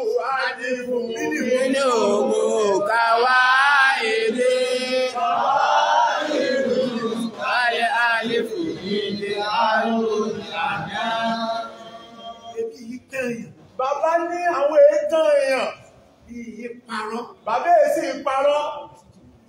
adigun nínú ògùn káwá èdè. Alẹ́ àlefò ilé àrùn àná. Ebi yìí kẹ́yìn. Bàbá ní àwọn ètò èèyàn. Ìyí parọ́. Bàbá èsì parọ́.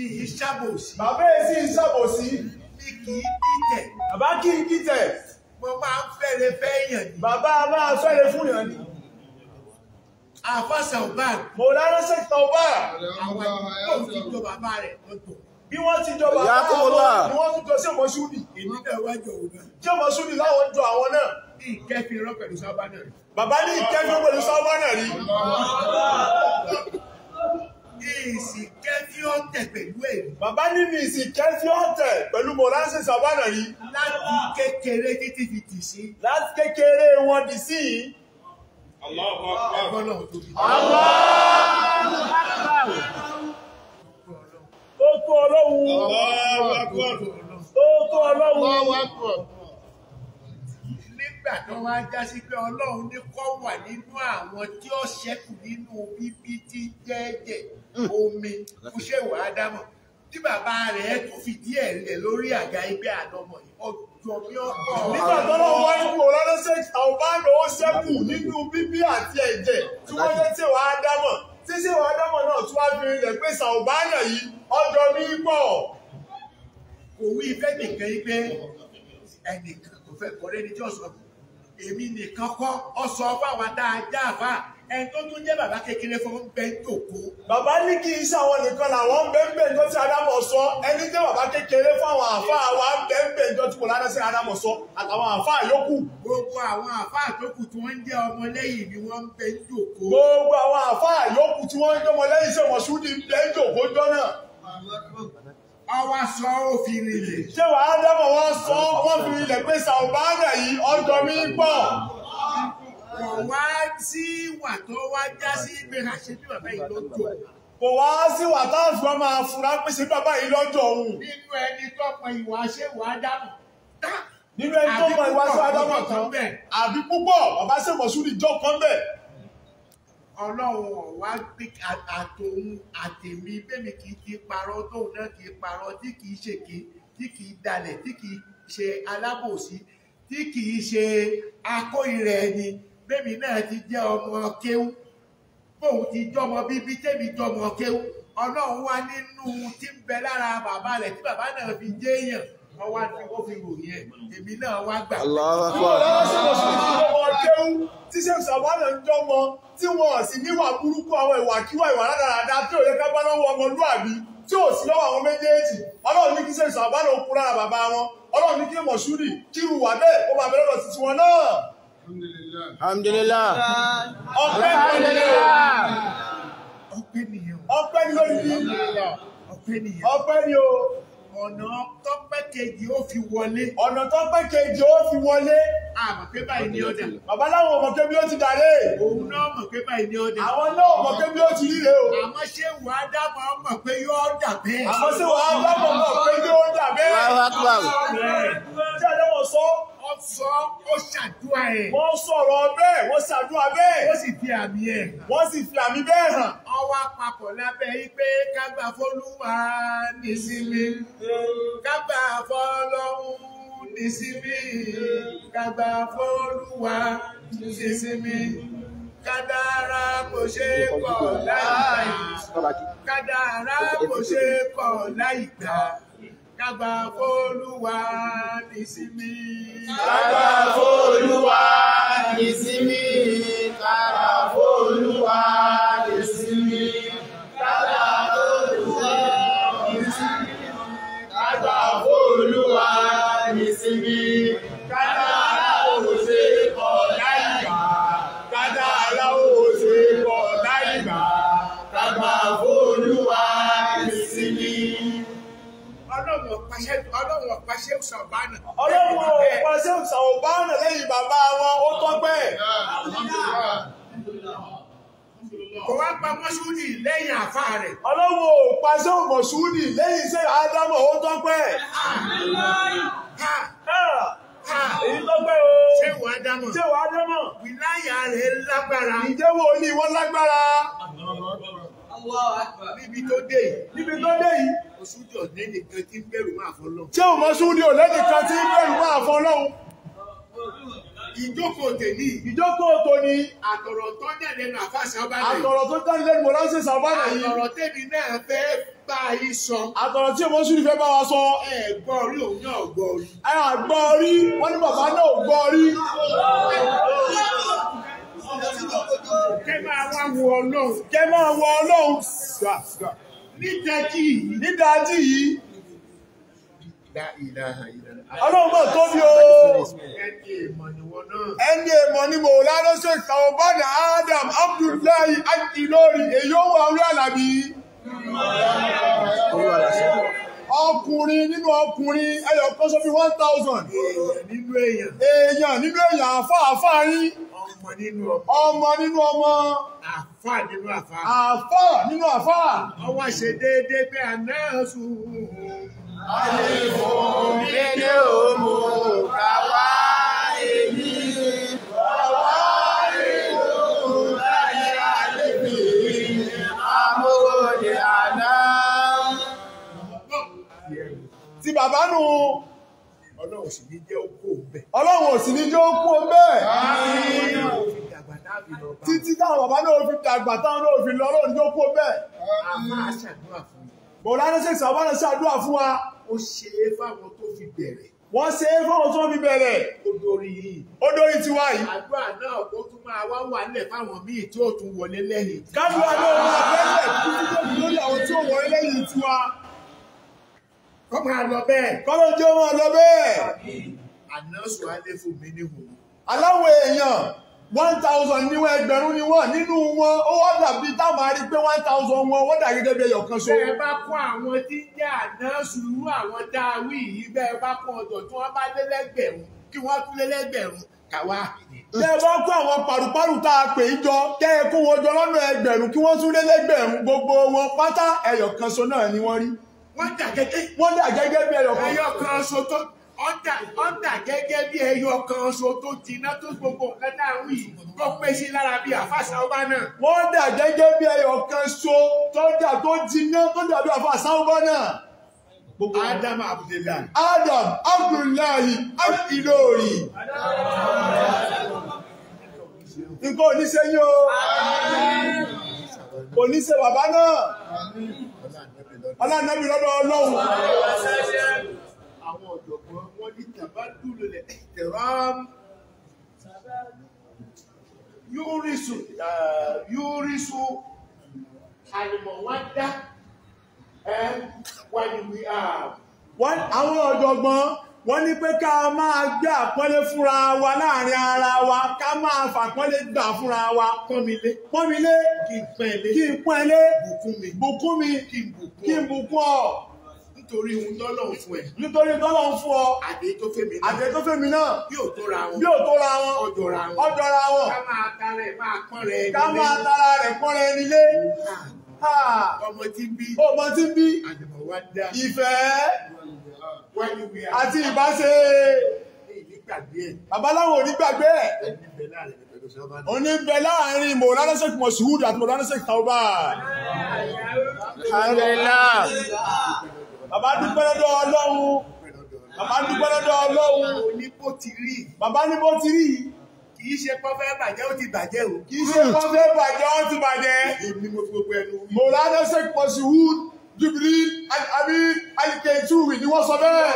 Ìyí ṣàbòsí. Bàbá èsì ṣàbòsí. Bí kì í dìtẹ̀. Bàbá kì í dìtẹ̀. Mo máa ń fẹ́rẹ̀ fẹ́ yàn ni. Bàbá máa fẹ́rẹ̀ fún yàn ni àfa Sàùbàn. Mọ̀lára ṣe Sàùbàn. àwọn yóò fi jọ bàbá rẹ̀ lọ́tọ̀. bí wọ́n ti jọ bàbá wọn ni wọ́n tún jọ sí ọmọ ṣúdì. èmi náà wá jọ òun náà. tí ọmọ ṣúdì láwọn jọ àwọn náà. bí ìkẹ́fin rán pẹ̀lú Sàùbàn náà rí. bàbá ní ìkẹ́fin pẹ̀lú Sàùbàn náà rí. Ìsì kẹ́fí ọ̀tẹ̀ pẹ̀lú ẹ̀. Bàbá ní mi ìsì kẹ́fí ọ̀tẹ̀ pẹ̀lú Mọ̀lára ṣe Sàùbàn náà rí. Láti kékeré títí fi dì sí. Láti kékeré wọn dì sí yìí. Ó tó ọlọ́run. Ó tó ọlọ́run nígbà tó wá já sí pé ọlọ́run ní kọ́ wà nínú àwọn tí ó ṣẹ́kù nínú bíbí tí jẹ́ẹ̀jẹ̀ omi kò ṣe wà á dámọ̀ tí bàbá rẹ̀ tó fi díẹ̀ rẹ̀ lórí àga ẹgbẹ́ àdọ́mọ̀ ọjọ́ bí ọkọ̀. nígbà àwọn bá lọ ṣẹ́kù nínú bíbí àti ẹ̀jẹ̀ tí wọ́n lé tí wàá dámọ̀ tí tí wàá dámọ̀ náà tí wàá fi rinlẹ̀ pé sàùbánà yìí ọjọ́ ní pọ̀ kò wí ìfẹ́ nìkan yìí pé ẹnìkan kò fẹ́ kọ́rẹ́ ní tí ọ̀sán èmi nìkan kọ́ ọ̀sán fáwọn dáadáa fáà ẹni tó tún jẹ́ bàbá kékeré fún bẹ́ẹ̀ jòkó. bàbá ní kí iṣẹ́ àwọn nìkan làwọn ń bẹ́ẹ̀ tó ti adámọ̀ sọ ẹni jẹ́ bàbá kékeré fún àwọn àáfàá wa ń bẹ́ẹ̀ tó ti kò ládá sí adámọ̀ sọ àtàwọn àáfàá yòókù. gbogbo àwọn àáfàá yòókù tí wọ́n ń jẹ́ ọmọ lẹ́yìn ni wọ́n ń bẹ́ẹ̀ jòkó. gbogbo àwọn àáfàá yòókù tí wọ́n ń jẹ́ ọmọ lẹ́yìn sèwọ̀sùn ń bẹ́ẹ̀ jòkó jọ́nà ọwọ́ sọ òfin ilẹ̀. ṣé wàá dábọ̀ wọ́n sọ wọ́n fi ilẹ̀ pé sàùbáàdà yìí ọjọ́ mi pọ̀ wá sí wà tó wá já sí ibi ká ṣe bí bàbá yìí lọ́jọ́. Kò wá sí wà táwọn fi máa fura pé ṣe bàbá yìí lọ́jọ́ òun. Nínú ẹni tó mọ ìwà ṣé wà á dámọ̀. Nínú ẹni tó mọ ìwà ṣé wà á dámọ̀ kan. Àbí púpọ̀ bàbá ṣèwọ̀ sùn níjọ́ kan bẹ̀. Ọlọ́run wá gbé àtòun àtèmi bẹ́mi kì í ti parọ́ tóun náà kì í parọ́ tí kì í ṣèké tí kì í dalẹ̀ tí kì í ṣe alábòsí tí kì í ṣe akóyìnrẹ́ ẹni bébì náà ti jẹ́ ọmọ kéwú bóun ti jọmọ bíbí tèmi jọmọ kéwú ọlọ́run wá nínú tí ń bẹ lára bàbá rẹ̀ tí bàbá náà fi jẹ́ èèyàn ọwá tí ó fi ròyìn ẹ̀ èmi náà wá gbà. ọmọ kéwú tí ṣe ṣàbánà ń jọmọ tí wọn sì níwà burúkú àwọn ìwàkiwà ìwà rádaràda tí ò ká bá lọ́wọ́ ọmọlúàbí tí ò sí lọ́wọ́ àwọn méjèèjì ọlọ́run ní kí ṣe ṣàbánà òkú lára bàbá wọn ọlọ́run ní kí mọ̀ṣúrì kírù wà bẹ́ẹ̀ ó bàbá lọ́dọ̀ tuntun wọn náà alhamdulillah ọpẹ́ alhamdulillah ọpẹ́ nìyẹn ọpẹ́ ni ó ní ọpẹ́ nìyẹn ọpẹ́ ni ó ọ̀nà tọ́pẹ́ kejì ó fi wọlé. ọ̀nà tọ́pẹ́ kejì ó fi wọlé. àmọ̀ pé báyìí ni ó dà. bàbá láwọn ọmọ kébí ó ti dàlé. òun náà mọ̀ pé báyìí ni ó dà. àwọn náà mọ̀ kébí ó ti ríre o. àmọ́ ṣé wàá dábọ̀ mọ̀ pé yóò dà bẹ́ẹ̀. àmọ́ ṣé wàá dábọ̀ mọ̀ pé yóò dà bẹ́ẹ̀. wàá wá kúrò sọ ó ṣàdúrà ẹ̀. wọ́n sọ̀rọ̀ bẹ́ẹ̀ wọ́n ṣàdúrà bẹ́ẹ̀. wọ́n sì fi àmì ẹ̀ hàn. wọ́n sì fi àmì bẹ́ẹ̀ hàn. ọwọ́ àpapọ̀ lábẹ́ yí pé kágbà fọlúwa nísìmí kágbà fọlọ́hún nísìmí kágbà fọlúwa nísìmí kádàrá kò ṣe kọ̀ láì kádàrá kò ṣe kọ̀ láì gbà. Kágbà fólúwa nísinmi. Kágbà fólúwa nisimi. Kágbà fólúwa nísinmi. Kágbà fólúwa nisimi. Kágbà fólúwa nísinmi. Kágbà aláwọ̀ ṣe pọ̀ láìgbà. Kágbà aláwọ̀ ṣe pọ̀ ṣé ọba náà. ọlọ́run ò pa ṣé ọba náà lẹ́yìn bàbá wọn ó tọ́pẹ́. kò wá pa mọ́ṣúdì lẹ́yìn àfa rẹ̀. ọlọ́run ò pa ṣé òmọ̀ṣúdì lẹ́yìn ṣé ádámọ̀ ó tọ́pẹ́. èyí tọ́pẹ́ o. ṣé wàá dámọ̀. ṣé wàá dámọ̀. wìláyà rẹ̀ lágbára. ìjẹ́wọ́ ni wọ́n lágbára. níbi tó dé yìí. níbi tó dé yìí ò lẹ́nìkan tí ń bẹ̀rù máa fọ́ lọ́hùn. ṣé o mọ súnmù ní ò lẹ́nìkan tí ń bẹ̀rù máa fọ́ lọ́hùn. ìjókòó tèmi. ìjókòó tóní. àtọ̀rọ̀ tó jáde lẹ́nu àfa sábàlẹ̀. àtọ̀rọ̀ tó jáde lẹ́nu mọ̀láṣẹ́ sábàlẹ̀ yìí. àtọ̀rọ̀ tèmi náà fẹ́ bá yí sọ. àtọ̀rọ̀ tí ọmọ sùn fẹ́ bá wa sọ. ẹ gbọ́ orí òun náà gbọ́ orí. ẹ àgbọ́ orí wọ́n ní bàbá náà gbọ́ orí kẹ máa wá wo ọlọ́run kẹ máa wo ọlọ́run nídajì yìí. nídajì yìí. ọlọ́run mọ̀ tó bí o. ẹni èèmọ̀ ni wọ́n náà. ẹni èèmọ̀ ni mò ń lárọ́ṣẹ́ ìtàwọn bọ́dà Adam Abdullahi Akilori èyí ó wà orí àlàbí. ọkùnrin nínú ọkùnrin ẹyọ kan sọ bí one thousand. èèyàn nínú èèyàn. èèyàn nínú èèyàn àfáàfáà yín ọmọ nínú ọmọ. ọmọ nínú ọmọ. àfà nínú àfà. àfà nínú àfà. ọwọ́ ṣe déédéé pé àná sùn. àlefò dédé òmò káwá èmi káwá èlò láyé àlebì amóhùn àná. ti bàbá nù ọlọ́run sì ní jẹ́ okó bẹ̀. ọlọ́run sì ní jẹ́ okó bẹ́ẹ̀. títí táwọn bàbá náà fi dàgbà táwọn náà fi lọ ọlọ́run jẹ́ okó bẹ́ẹ̀. bọ̀dá ní sèkìsì àwọn náà ṣàdúrà fún wa. ó ṣe é fáwọn tó fi bẹ̀rẹ̀. wọ́n ṣe é fáwọn tó fi bẹ̀rẹ̀. ó dórí yìí. ó dórí tiwa yìí. àdúrà náà kó tún máa wá wà nílẹ̀ fáwọn míì tí ó tún wọlé lẹ́yìn. káàdùn kọ́ máa lọ bẹ́ẹ̀. kọ́lọ́ jẹ́ wọn lọ bẹ́ẹ̀. àná sùn á lè fún mi ní òun. aláwọ̀ èèyàn one thousand ní wọn ẹgbẹ̀rún ni wọ́n nínú wọn ó wá dàbí táwọn arí pé one thousand wọn wọ́n dà gẹ́gẹ́ bí ẹyọ kan ṣo. bẹ́ẹ̀ bá kọ́ àwọn tí ń jẹ́ àná sùúrù àwọn dáwì yìí bẹ́ẹ̀ bá kọ́ ọ̀dọ̀ tí wọ́n bá lé lẹ́gbẹ̀rún kí wọ́n tún lé lẹ́gbẹ̀rún kàwá tẹ ẹ bá kó àwọn pàrùpàrù tá a pè í jọ kẹ ẹ kó wọn jọ lọ́nà ẹgbẹ̀rún kí wọ́n tún lé lẹ́gbẹ̀rún gbogbo wọn pátá ẹyọ kan náà ni wọ́n rí wọ́n dà gẹ́gẹ́. wọ́n dà gẹ́gẹ́ bí ẹyọ kan. ẹyọ kan ṣo tó ọ̀dà ọ̀dà gẹ́gẹ́ bí ẹyọ kan ṣo tó jiná tó gbogbo nǹkan náà wì tó pé sí lára bí àfàṣà ọba náà. wọ́n dà gẹ́gẹ́ bí ẹyọ kan ṣo tó dà tó jiná tó dà bí àfàṣà ọba náà. Adam Abdullahi. Adam Abdullahi Abdullahi. Nǹkan oníṣẹ́ yín o. Oníṣẹ́ bàbá náà aláǹdàbí lọ́dọ̀ ọlọ́run. àwọn ọ̀jọ̀gbọ́n wọn ní tàbá dúró lẹ̀ tẹ̀rọ yúrísù yúrísù àlùmọ̀ wọn dá ẹ wà wí. àwọn ọ̀jọ̀gbọ́n wọ́n ní pé ká máa gbé àpọ́nlé fúnra wa láàrin ara wa ká máa fàpọ́nlé gbà fúnra wa pọ́nmilé pọ́nmilé kí n pẹ́ẹ́lé kí n pẹ́ẹ́lé bùkún mi bùkún mi kí n bùkún ọ nítorí ohun tọ́lọ́hún fún ẹ. nítorí tọ́lọ́hún fún ọ. àdé tó fèmí náà. àdé tó fèmí náà. bí ò tó ra wọn. bí ò tó ra wọn. ọjọ́ wọn. ọjọ́ wọn. ká máa tara ẹ̀ pọ́n rẹ nílé. ká máa tara rẹ̀ pọ́n rẹ nílé. ọmọ tí bí. ọmọ tí bí. àjọ̀mọ̀ wá dá. ìfẹ́ àti ìbáṣe babaláwo onígbàgbé ẹ̀ oníbẹ̀ láàrin mọ̀lánásẹ́kì mọ̀sùhùd àti mọ̀lánásẹ́kì tàwọ́bà bàbá dúpẹ́ lọ́dọ̀ ọlọ́run bàbá dúpẹ́ lọ́dọ̀ ọlọ́run oníbó ti rí bàbá níbó ti rí kìí ṣe pọ́fẹ́ bàjẹ́ ó ti bàjẹ́ o kìí ṣe pọ́fẹ́ bàjẹ́ ó ti bàjẹ́ mọ̀lánásẹ́kì mọ̀sùhùd Jibril Abi, amin Al-Kensuwi ni wọ́n sọ bẹ́ẹ̀.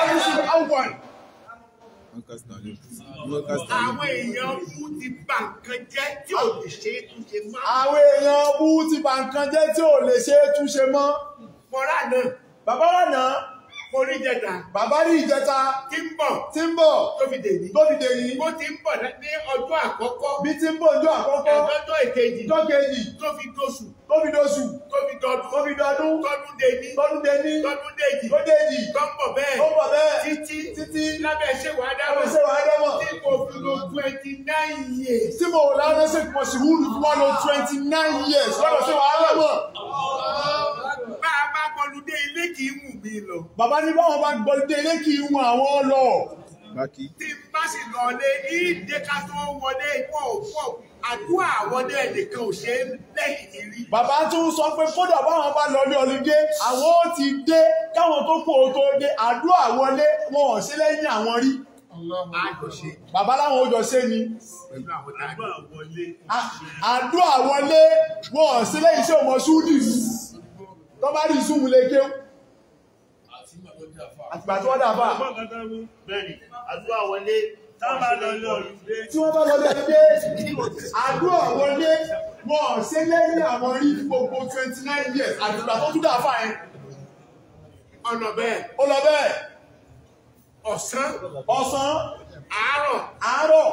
Ẹni sùn àwọn. Àwọn èèyàn bú ti bà nǹkan jẹ́ tí ò lè ṣe é túnṣe mọ́. Àwọn èèyàn bú ti bà nǹkan jẹ́ tí ò lè ṣe é túnṣe mọ́. Mọ̀rá náà. Bàbá wà náà. Mo rí ìjẹta. Bàbá rí ìjẹta. Tí ń bọ̀. Tí ń bọ̀. Tó fi dèyí. Tó fi dèyí. Bó ti ń bọ̀ ní ọjọ́ àkọ́kọ́. Bí ti ń bọ̀ ọjọ́ àkọ́kọ́. Ẹ̀dọ́jọ́ ìkejì. Tó kejì. Tó fi dóṣù tóbi dọ́sù tóbi dọ́dún tóbi dọ́dún tọ́dún dẹni tọ́dún dẹni tọ́dún dẹjì tọ́dẹjì tọ́pọ̀ bẹ́ẹ̀ tọ́pọ̀ bẹ́ẹ̀ títí títí lábẹ́ ṣèwà dámọ̀ lábẹ́ ṣèwà dámọ̀ tí kò fi lo twenty nine years tí mo lánàá ṣe pọ̀ sí wúlù fún wa lo twenty nine years lábẹ́ ṣèwà dámọ̀. bá a bá gbọ́lùdé ilé kì í wù mí lọ. bàbá ní báwọn bá gbọ́lùdé ilé kì í wù àwọn lọ. tí n bá sì lọ lé ní ìdẹ́ka tó wọlé ìwọ̀ òkú òkú àdúrà àwọn náà nìkan ò ṣe é lẹ́yìn ti rí. bàbá tún sọ pé kódà báwọn bá lọ ní ọlùdé àwọn ó ti dé káwọn tó kó o tó dé àdúrà wọlé wọn ò sí lẹ́yìn àwọn rí. bàbá láwọn ó jọ ṣe ni. àdúrà wọlé wọn ò sí lẹ́yìn iṣẹ́ ọmọ ṣúdì tó bá rí ìṣúwù lè kéwù. àtìgbà tó wọ́n dà fà. bẹ́ẹ̀ ni àdúrà wọlé tí wọ́n bá lọ lé ọdún dé àdúrà wọlé wọn ò ṣe lẹ́yìn àwọn rí gbogbo twenty nine years àdúrà tó tún dà fà ẹ́ ọ̀nà bẹ́ẹ̀ ó lọ bẹ́ẹ̀ ọ̀sán ọ̀sán àárọ̀ àárọ̀.